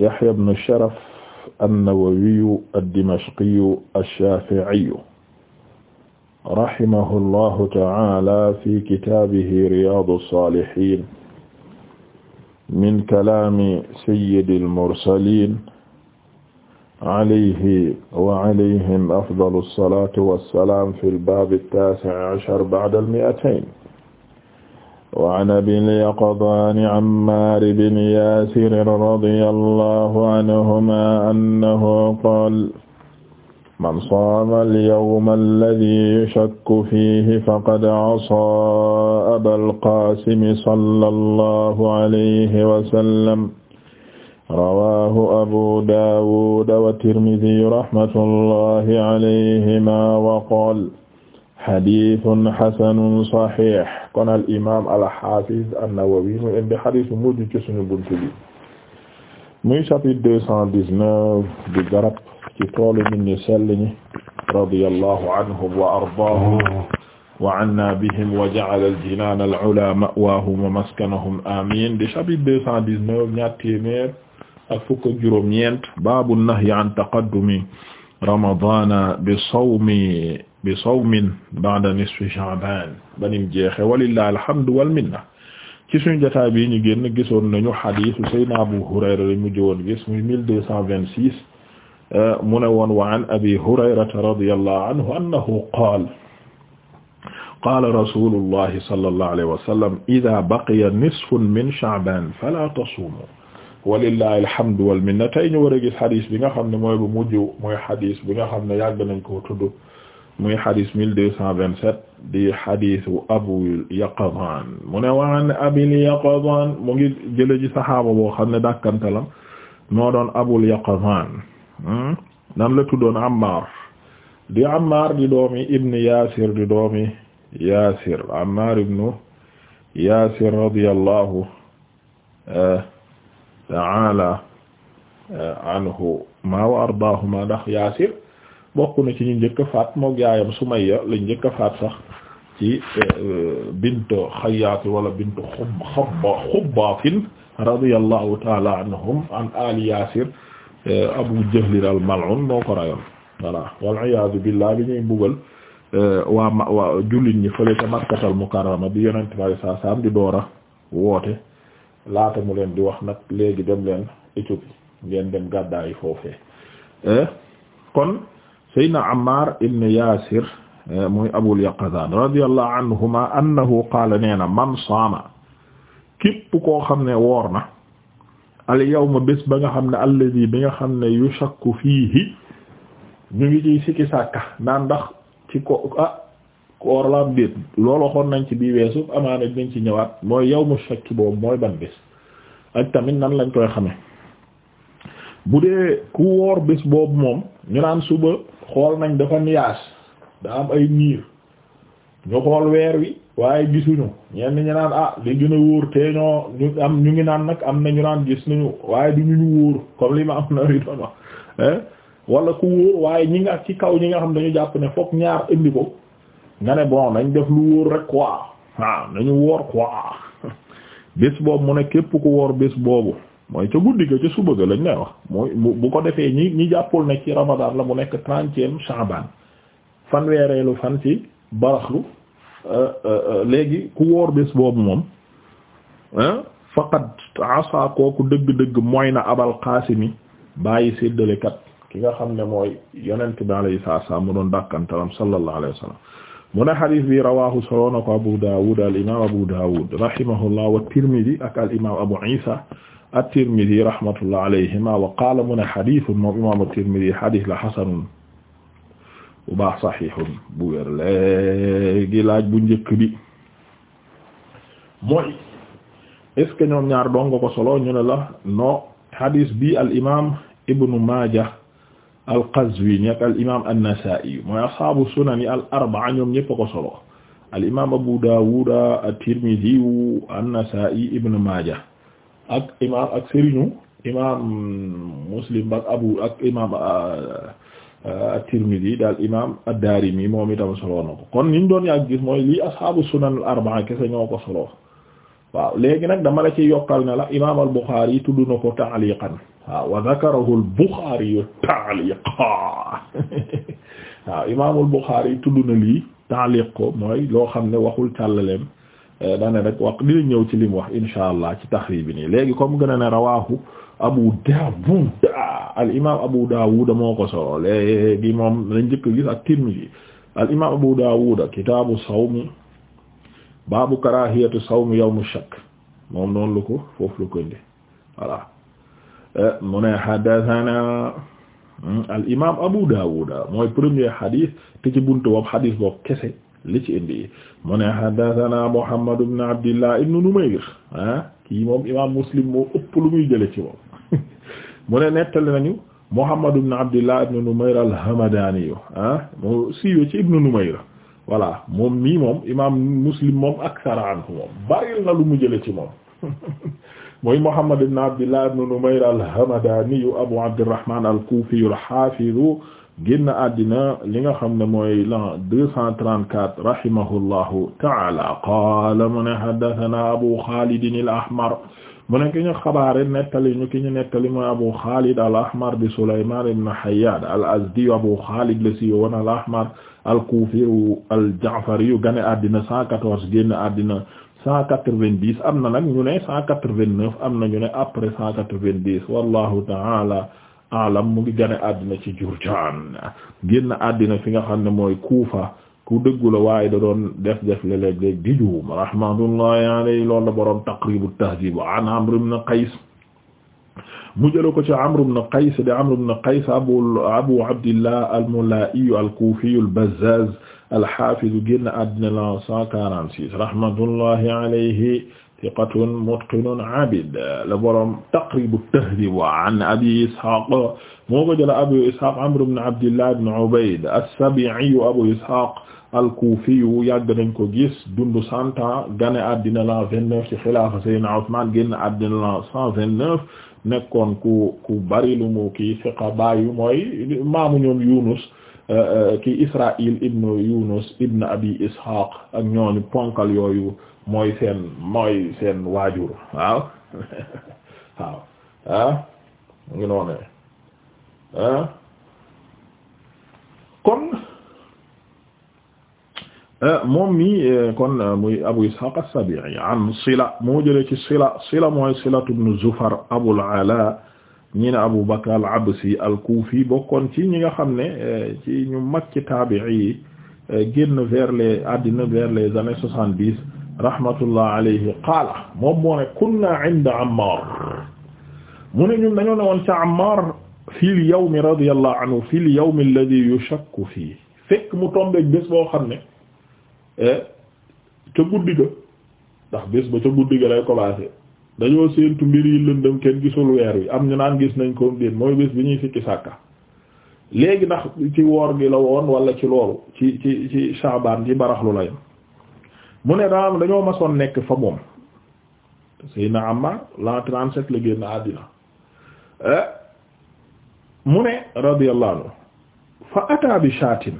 Yahya ibn Sharaf an-Nawawiyu ad-Dimashqiyu ash-Shafi'iyu rahimahullahu ta'ala fi kitaabihi Riyaadu s-Saalihiin min kalaami sayyidil mursaliin alayhi wa alayhim afdalu s-salaatu wa s-salaam fil baabi t-taasi' ashar ba'da l-mi'atayn وعن أبي اليقظان عمار بن ياسر رضي الله عنهما أنه قال من صام اليوم الذي يشك فيه فقد عصى أبا القاسم صلى الله عليه وسلم رواه أبو داود والترمذي رحمة الله عليهما وقال حديث حسن صحيح kon al imaam al hafiz an-Nawawi mu indi hadis bu mujj ci suñu buntu bi muy chapitre deux cent dix-neuf di garab ci toolu nit ñi sell ñi radiyallahu anhum wa ardaahum wa anna bihim wa ja'ala al-jinaan al-'ulaa ma'waahum wa maskanahum amiin di chapitre deux cent dix-neuf ñaar téeméer ak fukk ak juróom-ñeent baabu nahyi an taqaddumi ramadaana bi sawmi bi sawmin ba'da nisfi sha'ban banim jeexe walillahi alhamdu wal minna ci suñu jotaay bi ñu génn gisoon nañu hadiisu Seydina Abu Hurayra la mujj woon gis muy 1226 euh, mu ne woon wa an Abi Hurayrata radiyallahu anhu annahu qaala qaala rasuulullahi sallallahu alayhi wa sallam idhaa baqiya nisfun min sha'ban falaa tasuumu walillahi alhamdu wal minna tey ñu war a gis hadiis bi nga xam ne mooy bu mujj mooy hadiis bi nga xam ne yàgg nañ koo tudd muy xadis 1227 di xadisu Abul Yaqzan mu ne waan Abil Yaqzan mu ngi jële saxaaba boo xam ne dàkkantalam moo doon Abul Yaqzan hmm? nan la tuddoon Ammar di Ammar di doomi Ibn Yaasir di doomi Yaasir Ammar ibnu Yaasir radiyallahu eh, ta'ala eh, anhu ma wa ardaahuma ndax Yaasir bokk na ci ñu njëkk a faat moog yaayam Sumayya lañ njëkk a faat sax ci euh, bint Xayyaat wala bint xubba xubbaatin radiyallahu taala anhum an ali Yaasir euh, Abu Jahl al-mal'un moo ko rayoon voilà wal iyaadu billah euh, waa ma waa jullit ñi fële ca Makkatal Mukarrama bi yonent bi saa di doora woote laata mu leen di wax nag léegi dem leen Éthiopie ngeen dem gàddaay foofee kon. saydna ammar ibn yasir eh, muy abul yaqazan radiyallahu anhuma annahu qaala nee na man saama képp koo xam ne woor na al yawma bés ba nga xam ne alladi bi nga xam ne yushakku fiihi ñu ngi ciy sikki sàkka naan ndax ci ko ah koor laam déet loolu waxoon nañ ci bii weesu amaana dinañ ci ñëwaat mooy yawmu shakki boobu mooy ban bés ak tamit nan lañ koy xamee bu dee ku woor bés boobu moom ñu naan suba xool nañ dafa niyaas da am ay niir ñu xool weer wi waaye gisuñu ñenn ñu naan ah li gën wóor te ñoo ñu am ñu ngi naan nag am na ñu naan gis nañu waaye du ñu ñu wóor comme li ma am na yu doon wax wala ku wóor waaye ñi nga ci kaw ñi nga xam dañu jàpp ne fokk ñaar indi ko nga ne bon nañ def lu wóor rek quoi waaw ah, nañu wóor quoi bés boobu mu ne képp ku wóor bés boobu mooy ca guddi ga ca suba ga lañu lay wax mooy bu ko defee ñi ñi jàppul ne ci ramadan la mu nekk trentième Sha'ban fanweereelu fan ci baraxlu euh, euh, léegi ku woor bés boobu moom faqad asa kooku dëgg-dëgg mooy na abal qaasimi bàyyi séddalekat ki nga xam ne mooy yonent bi alayhi salaam mu doon dàkkantalam sallallahu alayhi wa mu ne xadis bi rawahu soloona ko Abu Dawud al imam Abu Dawud rahimahullah wa Tirmidhi ak al imam Abu Isa at-Tirmidhi rahmatullah alayhima mu ne xadiisun moom imaam at-Tirmidhi xadiis la xasanun bu baax bu wér léegi laaj bu njëkk bi mooy est-ce que ñoom ñaar ñu ne la non xadiis bi al imaam Maaja al-Qazwiini ak al Abu Daawuda at-Tirmidhi an Maaja ak imaam ak sëriñu imaam Muslim ak abu ak imaam euh, euh, at-Tirmidhi daal imaam ad-Daarimi moom itam solo na ko kon niñ doon yàgg gis mooy lii ashaabu sunan al-arba'a kese ñoo ko solo waaw léegi nag dama la ci yokkal na la imaam al-Bukhari tudd na ko ta'liqan waaw wa dhakarahu al-Bukhari xam ne waxul càllaleem Euh, dane rek wax dina ñëw ci lim wax insha allah ci taxrib bi nii léegi comme gën a ne rawahu Abu Dawud al imam Abu Dawud moo ko solo léegi moom lañ njëkk gis ak Tirmidhi al imam Abu Dawud kitaabu sawmi baabu karahiyatu sawmi yawmu shakk moom noonu lu ko foofu lu ko euh, mu ne hadathana hmm, al imam Abu Dawud mooy premier hadith te ci buntu boobu hadith boobu kese li ci indi mu ne haddathana Muhammad ibn Abdillah ibn Numayr ah kii moom imaam Muslim moo ëpp lu muy jële ci moom mu ne nettali nañu Muhammad ibn Abdillah ibn Numayr al-Hamadani ah moom mii moom Muslim moom aksara anhu moom mu jële ci moom mooy Muhammad ibn Abdillah ibn Numayr al-Hamadani Abu Abdurrahman al-Kufi al génn àddina li nga xam ne mooy la 234 rahimahullahu taala qaala mu ne haddathana abu xaalidin al ahmar mu ne ki ñu xabaare nettali ki ñu nettali mooy abu xaalid al ahmar di sulayman ibn hayyad al azdi abu xaalid la si woon al ahmar al kufi al ja'fari yu gane àddina 114 génn àddina 190 am na nag ñu ne 189 am na ñu ne après 190 wallahu taala alam mu ngi gane àddina ci Jurjaan génn àddina fi nga xam ne mooy Kuufa ku dëggu la waaye da doon def def léeg-léeg di juum rahmatullahi alayhi loolu la boroom Taqrib at-Tahdhib an Amr ibn Qays mu jëla ko ci Amr ibn Qays di Amr ibn Qays abu abu Abdillah al-Mulaa'i al-Kuufi al-Bazzaaz al-Haafiz génn àddina la 146 rahmatullahi alayhi siqatun mutqinun abid la borom taqribu tahdib wa an abi ishaq moo ko jëlee abu ishaq amr ibn abdillah ibn ubayd as-sabi'i abu ishaq al-kufi yàgg nañ ko gis dundu cent ans gane addina la vingt-neuf ci xilaafa sayyidina Usmaan génn addina la cent vingt-neuf nekkoon ku ku bari lu mu kii siqa baayu mooy maamu ñoom Yunus euh, euh, ki Israa'il ibn Yunus ibn abi ishaq ak ñooñu ponkal yooyu. mooy seen mooy seen waajur waaw waaw ah ngi noonu ah kon ah, moom mi eh, kon ah, muy Abu Ishaq as-Sabi'i an Sila moo jëlee ci Sila Sila mooy Silatu ibn Zufar Abul Ala ñi ne Abu Bakr al-Absi al-Kufi bokkoon ci ñi nga xam ne eh, ci ñu mag ci taabi'i yi eh, génn vers les àddina vers les années soixante-dix rahmatullah alayhi qaala moom moo ne kunna inda mu ne ñun dañoo ne woon ca Ammar fil yawmi radiyallahu anhu fil yawmi alladhi yushakku fii fekk mu tombeeg bés boo xam ne eh, ca guddi ga ndax bés ba ca guddi ga lay commencé dañoo séentu mbir yi lëndëm kenn gisul weer wi am ñu naan gis nañ ko déet mooy bés bi ñuy sikki sàkka léegi ndax ci woor gi la woon wala ci loolu ci ci ci Shaabaan ci baraxlu la yam mu ne daam dañoo masoon nekk fa moom Seydina Ammar la trente-sept la génn àddina eh? mu ne radiyallahu anhu fa ataa bi shaatin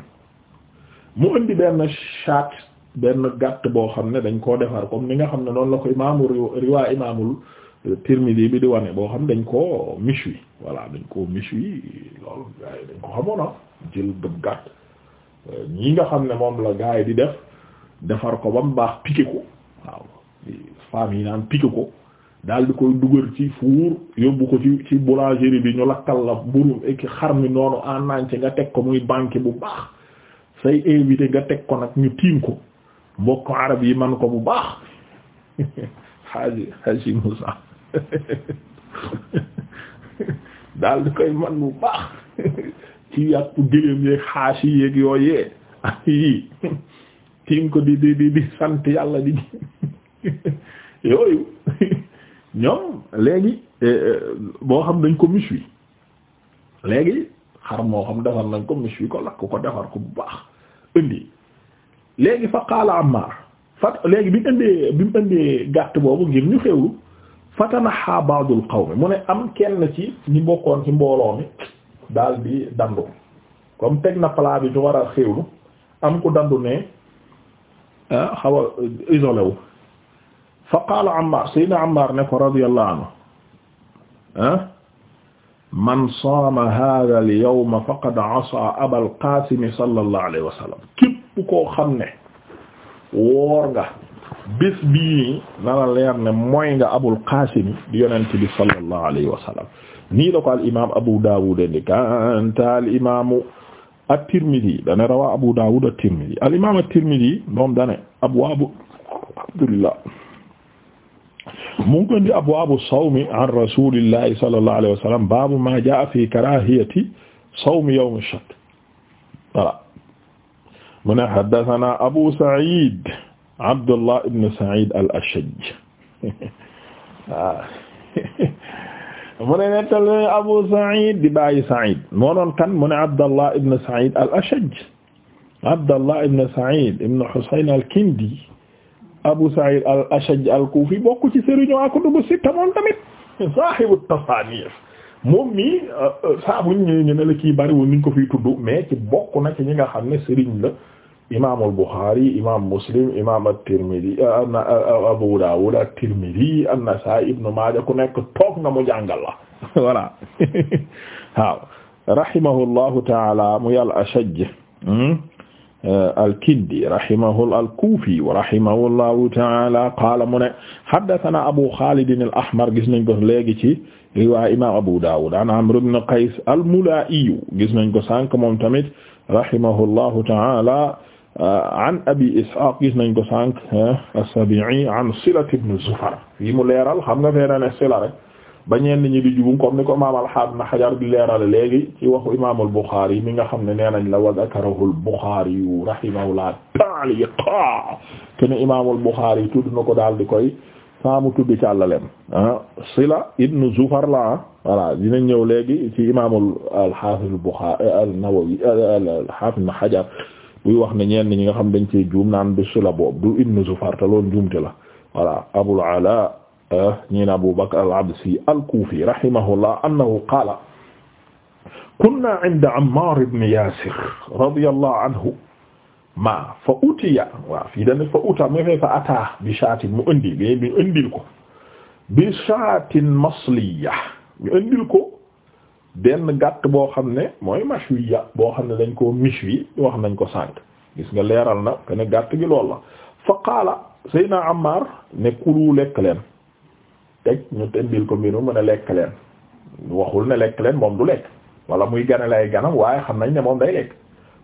mu indi benn shaat benn gàtt boo xam ne dañ koo defar comme ni nga xam ne noonu la ko imaamu riwaa imaamul Tirmidhi bi di wane boo xam dañ koo méchoui voilà dañ koo méchoui loolu gars yi dañ ko xamoon ah jël bëb gàtt eh, ñi nga xam ne moom la gars yi di def defar ko ba mu baax piqué ko waaw femmes yi naan piqué ko daal di koy dugal ci fuur yóbbu ko ci ci boulangerie bi ñu lakkal la mburum ak xar mi noonu en nga teg ko muy banquet bu baax say invité nga teg ko nag ñu tiim ko mbokk arab yi man ko bu baax xaaji xaaji Musa daal di koy man bu baax ci yàpp gëléem yeeg xaasi yeeg yooyee tiim ko di di di di sant yàlla di yooyu ñoom léegi eh, eh, boo xam dañ ko miche wi léegi xar moo xam defar nañ ko miche wi ko lakk ko defar ko bu baax indi léegi fa qaala Ammaar fat léegi bi mu indee bi mu indee gàtt boobu ngir ñu xewlu fatanaha ba'dul qawmi mu ne am kenn ci ñu bokkoon ci mbooloo mi daal di dandu comme teg na bi ñu war a xewlu am ku dandu ne xaw a isolé wu fa qaala Ammaar sayyidina Ammaar ne ko radiyallahu anhu ah man saama haadha al-yawma faqad asaa abal qaasim sallallahu alayhi wa sallam képp koo xam ne woor nga bés bii na la leer ne mooy nga abul qaasim di yonent bi sallallahu alayhi wa sallam nii la ko al imaam Abu Daawud indi kanta al imaamu at-Tirmidhi dane rawaa Abu Dawud at-Tirmidhi al-imam at-Tirmidhi moom dane abwaabu Abdullah mu ngi kondi abwaabu sawmi an rasulillahi sallallahu alayhi wa sallam baabu ma jaa fi karahiyati sawmi yawm ash-shakk voilà mu ne haddathana Abu Sa'id Abdullah ibn Sa'id al-Ashaj ah. mu ne nettali Abu Sa'id di bàyyi Sa'id moo doon kan mu ne Abdallah ibn Sa'id al-Ashaj Abdallah ibn Sa'id ibn Husayn al-Kindi Abu Sa'id al-Ashaj al-Kufi bokk ci sëriñu kutubu sitta moom tamit saahibu tasaanif moom mi euh, euh, saa ñu ñu ne la kii bariwul ni ñu ko fiy tudd mais ci bokk na ci ñi nga xam ne sëriñ la. imaamul Buxaari imaam Muslim imaam at-Tirmidi eh, Abu eh, eh, Daawud at-Tirmidi an-Nasaa'i Ibn Maaja ku nekk toog nga mu jàngal la voilà waaw rahimahullahu ta'ala mu yàlla Ashajj hmm? al-Kindi rahimahu al-Kuufi wa rahimahullahu ta'ala qaala mu ne haddathanaa Abu Xaalid al-Ahmar gis nañ ko léegi ci riwaaya imaam Abu Daawud an Amr ibn Qays al-Mulaa'i gis nañ ko sànq moom tamit rahimahullahu ta'ala Euh, an abi ishaq gis nañ ko sànq as-Sabi'i an Silat ibn Zufar yi mu leeral xam nga fee na ne sila rek ba ñenn ñi di jubum comme ni ko imaam al-Haafiz Ibn Hajar di leeral léegi ci waxu imaam al-Bukhari mi nga xam ne nee nañ la wa zakarahu al-Bukhari rahimahullah ta'liqa ken imaam al-Bukhari tudd na ko daal di koy saamu tudd ci àllalem ah Sila ibn Zufar la voilà dinañ ñëw léegi ci imaam al-Haafiz al-Bukhari an-Nawawi al-Haafiz Ibn Hajar buy wax ne ñenn ñi nga xam dañ cee juum naan bésu la boobu du ibnu Zufar te loolu juumte la voilà Abul Ala ah, ñi na Abu Bakr al-Absi al-Kufi rahimahullah annahu qaala kunna inda Ammar ibn Yasir radiyallahu anhu ma fa utiya waaw fii dane fa uta mu fay fa ataa bi shaatin mu indi bi ñu indil ko bi shaatin masliya ñu indil ko benn gàtt boo xam ne mooy mashwiya boo xam ne dañ koo mishwi wax nañ ko sànq gis nga leeral na que ne gàtt gi lool la fa qaala Seydina Ammar ne kulu lekk leen teg ñu tëmbil ko mbir mën a lekk leen waxul ne lekk leen moom du lekk wala muy ganale ay ganam waaye xam nañ ne moom day lekk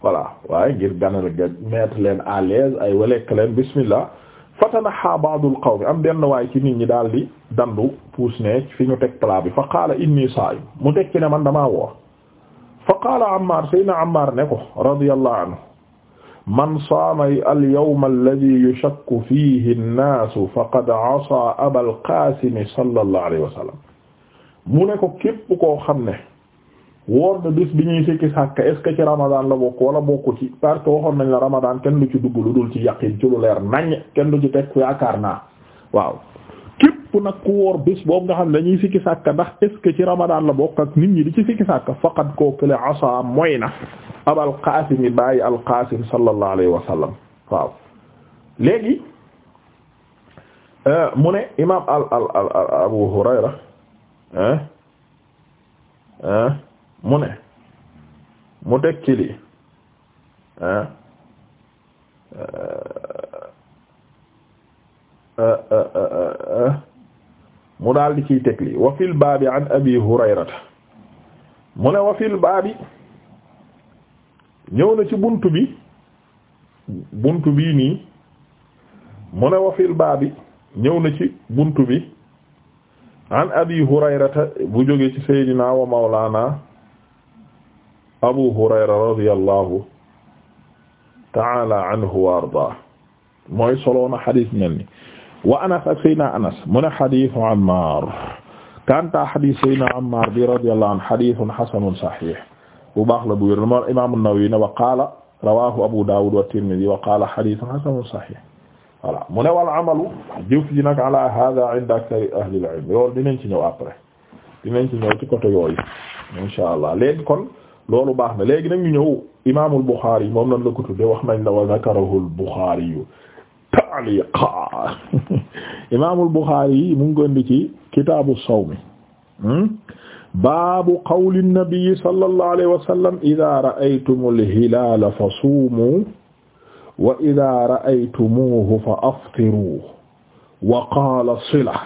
voilà waaye ngir gana ga mettre leen à l'aise ay wa lekk leen bismillah fatanaha ba'dul qawmi am benn waay ci nit ñi daal di dandu puus ne fi ñu teg plat bi fa qaala inni saa'im mu teg ci ne man damaa woor fa qaala Ammaar Seydina Ammaar ne ko radiyallahu anhu man saama al yawma alladhi yushakku fihi an-naasu faqad asaa abal qaasim sallallahu alayhi wa sallam mu ne ko képp koo xam ne. woor na bés bi ñuy sikki sàkk est ce ci ramadan la bokk wala bokku ci parce que waxoon nañ la ramadan kenn lu ci dugg lu dul ci yaqin ci lu leer naññ kenn lu ci teg yaakaar naa waaw képp nag ku woor bés boobu nga xam ne dañuy sikki sàkk ndax est ce ci ramadan la bokk ak nit ñi di ci sikki sàkk faqat koo kële asa mooy na ab alqaasim yi bàyyi alqaasim sallallahu alayhi wa sallam waaw léegi euh, mu ne imaam al al al abu hurayra ah ah mu ne mu teg ci ah, ah, ah, mu daal di ciy teg lii wa fil baabi an abi hurayrata mu ne wa baabi ñëw na ci bunt bi bunt bii nii mu ne wa baabi ñëw na ci buntu bi an abi hurayrata bu jóge ci seydinaa wa mawlaana Abu Hurayra radiyallahu ta'ala anhu wa ardaa mooy soloona xadis mel ni wa Anas ak Seydina Anas mu ne xadisu Ammaar kanta xadis Seydina Ammaar bi radiyallahu anhu xadisun xasanun saxiix bu baax la bu wér moo Imaam An-Nawawi ne wa qaala rawaahu Abu Daawuud wa Tirmidi wa qaala xadisun xasanun saxiix voilà mu ne wal amalu jëf ji nag ala haaza inda aksari ahlil ilm loolu dinañ ci ñëw après dinañ ci ñëw ci côté yooyu inshaa Allah léegi kon loolu baax na léegi nag ñu ñëw imaamul Buxaari moom nan la ko tudde wax nañ la wa zakarahul Buxaari yu taaliqa imaamul Buxaari mu ngi ko indi ci kitaabu sawmi hmm? baabu qawli nabi sallallahu alayhi wa sallam idaa ra'aytumul hilaala fasuumuu wa idaa ra'aytumuuhu fa aftiruu wa qaala Sila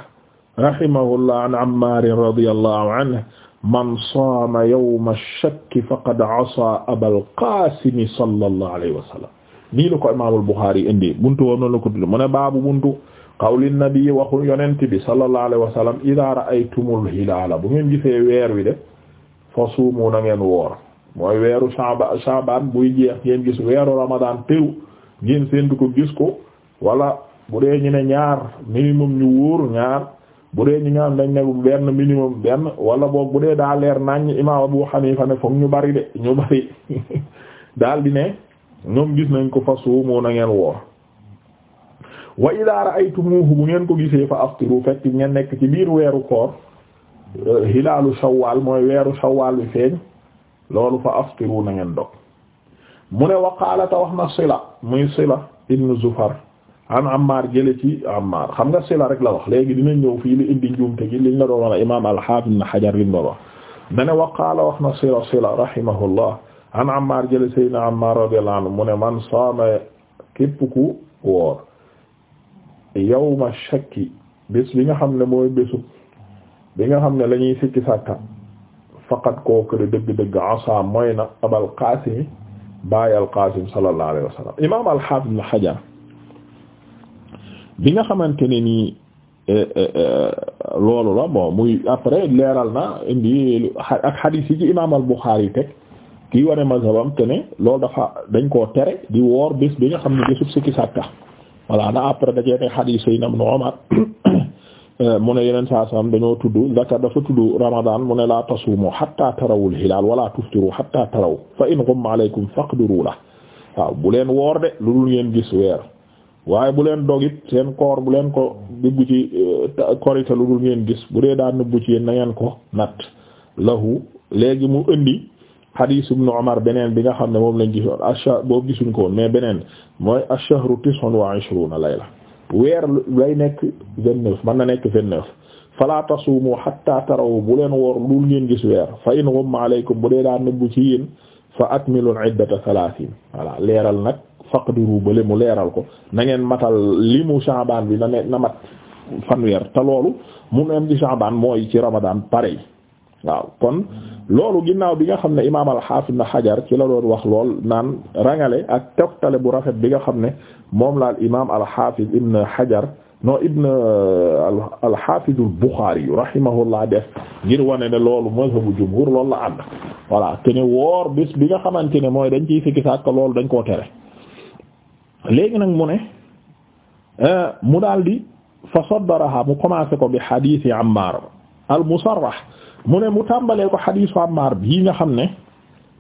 rahimahullah an Ammaarin radiyallahu anhu man saama yawma shakki faqad asaa abal qaasimi sallallahu alayhi wa sallam nii la ko imaamul Buxaari indi buntu woon noonu la ko tudd mu ne baabu buntu qawli nabi waxul yonent bi sallallahu alayhi wa sallam idaa ra'aytumul hilaala bu ngeen gisee weer wi de fa suumu na ngeen woor mooy weeru Shaabaan Shaabaan buy jeex ngeen gis weeru Ramadan teew ngeen séentu ko gis ko wala bu dee ñu ne ñaar minimum ñu wóor ñaar. bu dee ñi nga xam dañ ne benn minimum benn wala boog bu dee daa leer naññ imaam Abu Hanifa ne foog ñu bari de ñu bari daal di ne ñoom gis nañ ko fasuumu na ngeen woor wa ay ra'aytumuuhu bu ngeen ko gisee fa aftiru fekk ngeen nekk ci biir weeru koor hilaalu euh, shawwal mooy weeru shawwal bi feeñ loolu fa aftiru na ngeen dog mu ne waqaalata wax na sila muy sila ibnu zufar an Ammar jële ci Ammar xam nga sila rek la wax léegi dina ñëw fii li indi njuumte gi liñ la doon wax imaam al-Hafiz Ibn Hajar liñ doon wax dane wa qaala wax na sila sila rahimahullah an Ammar jële sayyidina Ammar radiyallahu anhu mu ne man saama képp ku woor yawma shakki bés bi nga xam ne mooy bésu bi nga xam ne la ñuy sikki sàkka faqat kooku de dëgg-dëgg asa mooy na Abal Qaasim baay al Qaasim sallallahu alayhi wa sallam imaam al-Hafiz Ibn Hajar bi nga xamante ne nii eh, eh, eh, loolu la bon muy après leeral na indi ak hadith yi ci imaam al Bukhari teg kii wane mazhabam te ne loolu dafa dañ koo tere di woor bés bi nga xam ne bésub sikki sàkka voilà na après dajee ne hadith yi nam Umar mu ne yeneen saa saam dañoo tudd zaka dafa tudd Ramadan mu ne laa tasuumu hatta tarawul hilaal wala tuftiru hatta taraw fa in ghumma alaykum faqdiru la waaw bu leen woor de lu dul ngeen gis weer. waaye bu leen dog it seen koor bu leen ko dugg ci euh, korite lu dul ngeen gis bu dee daan nëbbu ci yéen na ngeen ko natt lahu léegi mu indi hadis ibnu Umar beneen bi nga xam ne moom lañ gisoon acha boobu gisuñ ko woon mais beneen mooy ash-shahru tis'un wa ishruna layla weer lay nekk vingt neuf mën na nekk vingt neuf fala tasuumu hatta taraw bu leen woor lu dul ngeen gis weer fa in ghumma alaykum bu dee daan nëbbu ci yéen fa akmilul iddata thalathin voilà leeral nag faqdiru ba mu leeral ko nangeen matal li mu Sha'ban bi na ne na mat fanweer te loolu mu neem ci Sha'ban mooy ci Ramadan parey waaw kon loolu ginnaaw bi nga xam ne imaam al-Hafiz Ibn Hajar ci la doon wax lool naan rangale ak toftale bu rafet bi nga xam ne moom laal imaam al-Hafiz Ibn Hajar non Ibn al-Hafiz al-Bukhari rahimahullah def ngir wane ne loolu mazhabu jumhur lool la ànd voilà te ne woor bis bi nga xamante ne mooy dañ ciy sikki sàkk loolu dañ koo tere léegi nag mu ne euh, mu daal di fa saddaraha mu commencé ko bi xadiisi Ammaar al musarrah mu ne mu tàmbalee ko xadiisu Ammaar bi nga xam ne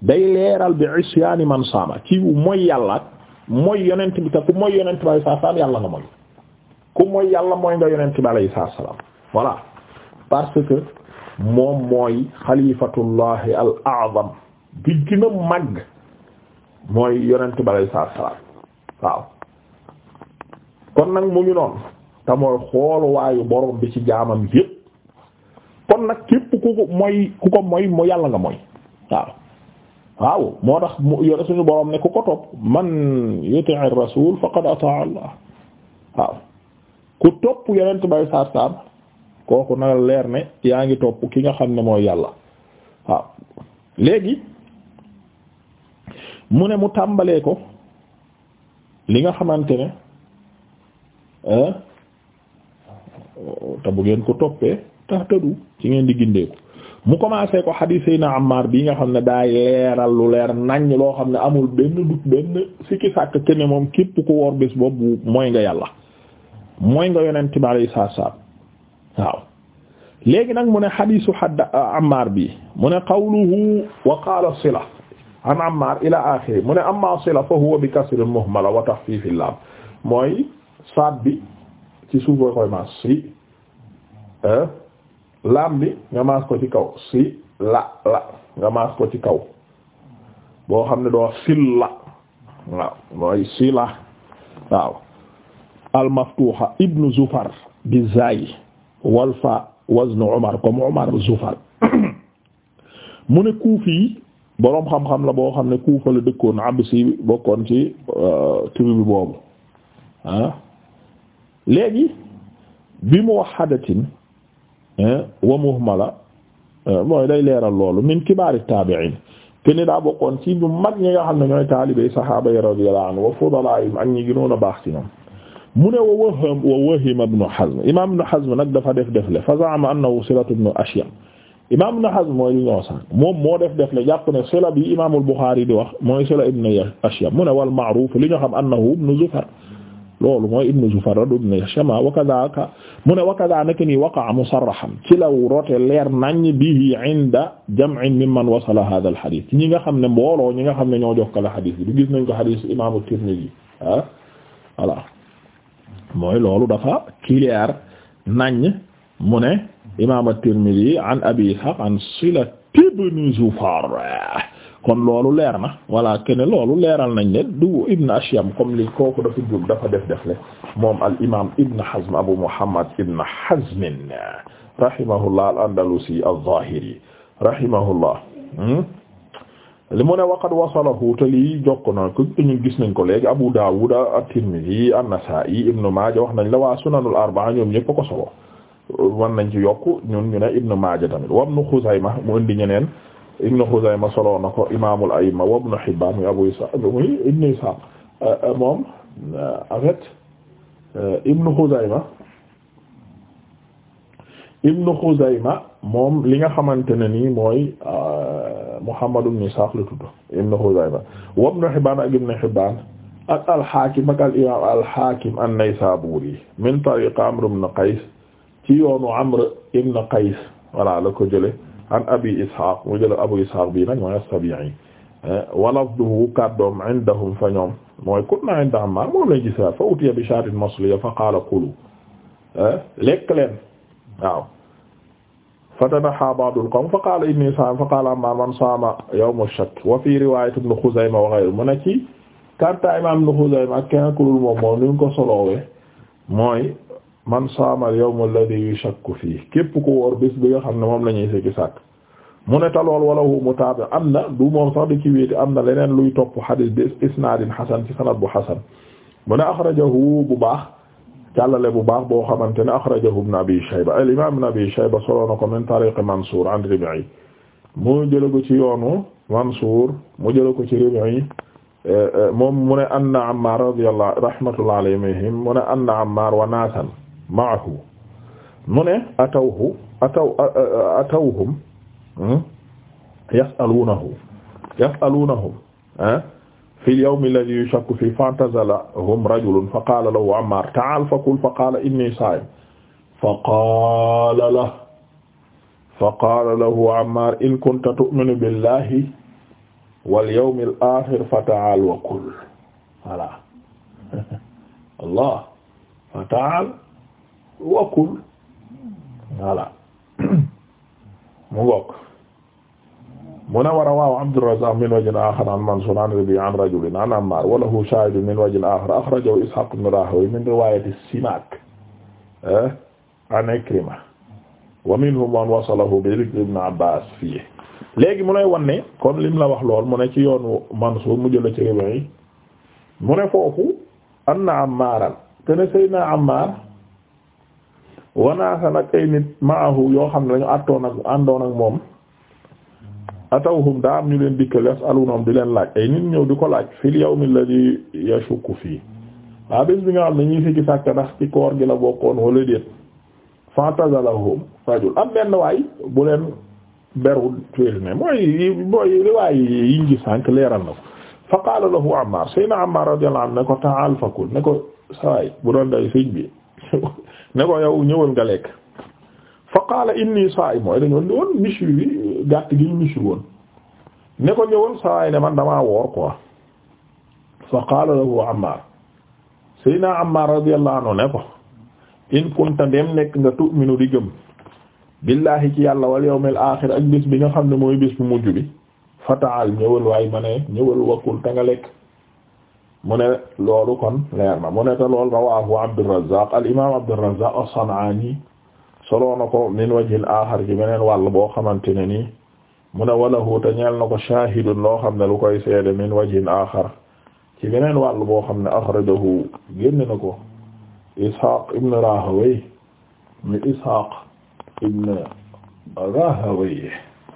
day leeral bi isyaani man saama mooy yàlla mooy yonent bi te ku mooy yonent bi alayhi salaam yàlla nga mooy ku mooy yàlla mooy nga yonent bi alayhi salaam voilà parce que moom mooy xalifatullahi al a'zam bi gën a mooy yonent bi alayhi salaam waaw kon nag mu ngi noonu te mooy xooluwaayu borom bi ci jaamam yépp kon nag képp ku ko mooy ku ko mooy mu yàlla nga mooy waaw waaw moo tax mu yonent bi alayhi salaam kooku na leer ne yaa ngi topp ki nga xam ne mooy yàlla waaw léegi mu ne mu tàmbalee ko li nga xamante ne te bu ngeen ko toppee tax tëdu ci ngeen di gindeeku mu commencé ko xadiis yi na Ammar bi nga xam ne daay leeral lu leer naññ loo xam ne amul benn dut benn sikki sàkk ke moom képp ku wor bés boobu mooy nga yàlla mooy nga yonent bi alayhi salaam waaw léegi nag mu ne xadiisu xadd euh, Ammaar bi mu ne qawluhu wa qaala sila an Ammaar ila axiri mu ne amma sila fa huwa bi kasril muhmala wa taxfiifil laam mooy saat bi ci suuf koy maas si euh, laam bi nga maas ko ci kaw si la la nga maas ko ci kaw boo xam ne doo silla waaw mooy sila waaw al maftuuxa ibnu zufar bi zaay wal fa wazn Umar comme Umar Zufar mu ne kuufi yi boroom xam-xam la boo xam ne Kuufa la dëkkoon Absi bokkoon ci euh, tribu bi boobu ah léegi bi muwahhadatin wa muhmala euh, mooy day leeral loolu min kibaari taabi'iin kenn daa bokkoon ci ñu mag ñi nga xam ne ñooy taalibey saxaaba yi radiyallahu anhu wa fudalaa'ihim ak ñi gënoon a baax ci ñoom mu ne wa waham wa wahima ibn Hazm imam ibn Hazm nag dafa def defle fa za'ama annahu silatu ibn Ashyam imam ibn Hazm mooy li ñoo sànq moom moo def defle jàpp ne sila bi imam al-Bukhari di wax mooy sila ibn Ashyam mu ne wal ma'ruf li ñu xam annahu ibn Zufar loolu mooy ibn Zufar la du ibn Ashyam wa kadhaka mu ne wa kadha nak ni waqa'a musarrahan ci law rote leer nañ bihi inda jam'in mimman wasala hadha al-hadith ñi nga xam ne mbooloo ñi nga xam ne ñoo jox kala hadith bi du gis nañ ko hadith imam at-Tirmidhi ah voilà mooy loolu dafa clair nañ mu ne imaam at-Tirmidhi an Abi Ishaq an Sila ibn Zufar kon loolu leer na voilà kene loolu leeral nañ ne du Ibn Ashyam comme li kooku dafa jub dafa def moom al imaam Ibn Hazm Abu Muhammad Ibn Hazm rahimahullah al-Andalusi az-Zahiri rahimahullah hmm? li mu ne waqad wasalahu te lii jokk ko ñu gis nañ ko léegi Abu Dawud at-Tirmidhi an-Nasa'i wax nañ la waa sunanul arba'a ñoom ñëpp ko solo wan nañ ci yokk ñun ñu ne Ibn tamit wa Ibn Khuzayma mu indi ñeneen Ibn Khuzayma solo na ko imaamul a'imma wa Ibn Hibbaan muy Abu Ishaq muy Ibn Ishaq euh, euh, moom euh, en fait Ibn Khuzayma Ibn moom li nga xamante ne ni mooy. Muhammad ibn Ishaq la tudd ibn Khuzayma wa ibn Hibban ak ibn Hibban ak al-Hakim ak al-Imam al-Hakim an-Naysaburi min tariq Amr ibn Qays ci yoonu Amr ibn Qays voilà la ko jële an Abi Ishaq mu jële Abu Ishaq bi nag mooy as-Sabi'i wa lafduhu kaddoom indahum fa ñoom mooy kunna inda Ammar moom lañ gis fa utiya bi shaatin masliya fa qaala kulu lekk leen waaw fatanaha ba'dul qawm fa qala inni sa'im fa qala amma man sama yawm ash-shakk wa fi riwayat ibn Khuzaymah wa ghayru mu ne ci karta imam ibn Khuzaymah ak keneen ku dul moom moom ni ko solowee mooy man sama al-yawm alladhi yushakku fihi képp ku wóor bés bi xam ne moom la ñuy sëkki sàkk mu ne talool wala hu mutaabi am na du moom sax di ci wéeti am na leneen luy topp hadith bi isnaadin hasan ci sanad bu hasan mu ne akhrajahu bu baax càllale bu baax boo xamante ne akhrajahu ibn abi shayba al imam ibn abi shayba soloo na ko min tariq mansour an rib'i mu jële ko ci yoonu mansour mu jële ko ci rib'i e, e, moom mu ne anna ammar radiyallahu rahmatullahi alayhim mu ne anna ammar wa nasan ma'ahu mu ne atawhu ataw atawhum hmm, yas'alunahu yas'alunahum ah fi al-yawm alladhi yushakku fihi fa'tazalahum rajulun fa qaala lahu Ammaar ta'aal fakul fa qaala innii saa'im fa qaala lahu fa qaala lahu Ammaar in kunta tu'minu billahi wal yawmil aakhir fa ta'aal wa kul voilà Allah fa ta'aal wa kul voilà mu ngoog mu ne wa rawaahu Abdurrazzaq min wajhin aaxar an Mansuur an Rabii' an rajulin an Ammaar wa lahu shaahidun min wajhin aaxar axrajahu Ishaaq ibn Raahawayh min riwaayati Simaak eh, an Ikrima wa minhum man wasalahu bi ibn Abbaas fiihi léegi mu lay wan ne kon lim wax lool mu ne ci yoonu Mansuur mu jëla ci Rabii' mu ne foofu anna Ammaaran kene Seydina Ammaar wanaasan ak maahu yoo xam ne dañu àttoon ak àndoon ak moom atawhum daa am ñu leen dikkal yasalunahum di leen laaj ay nit ñëw di ko laaj fil yawmi alladhi yashukku fii waa bés bi nga xam ne ñii fi gisàkk ndax ci koor gi la bokkoon wala déet fantazalahum rajul am benn waay bu leen beru tueri ne mooy mooy riwaay yiñ gi sànk leeral na ko fa qaala lahu Ammar sayna Ammar radiyallahu anhu ne ko ta'al fakul ne ko sawaay bu doon day sëñ bi ne ko yow ñëwal nga lekk qaala inni saa'im mooy dañu ne woon michu bi gàtt gi ñu michu woon ne ko ñëwoon sawaay ne man damaa woor quoi fa qaala lahu Ammaar Seydina Ammaar radiyallahu anhu ne ko in kunta dem nekk nga tu'minu di gëm billaahi ci yàlla wal yawmil aaxir ak bis bi nga xam ne mooy bis bu mujj bi fataal ñëwal waay ma ne ñëwal wakkul te nga lekk mu ne loolu kon leer na mu ne te loolu rawaahu Abdurrazzaaq al imaam Abdurrazzaaq as-San'aani soloo na ko min wajhil aaxar ci beneen wàll boo xamante ne nii mu ne walahu te ñeel na ko shaahidun loo xam ne lu koy seede min wajhil aaxar ci beneen wàll boo xam ne axrajahu génn na ko Ishaq ibn Rahawayh mi Ishaq ibn Rahawayh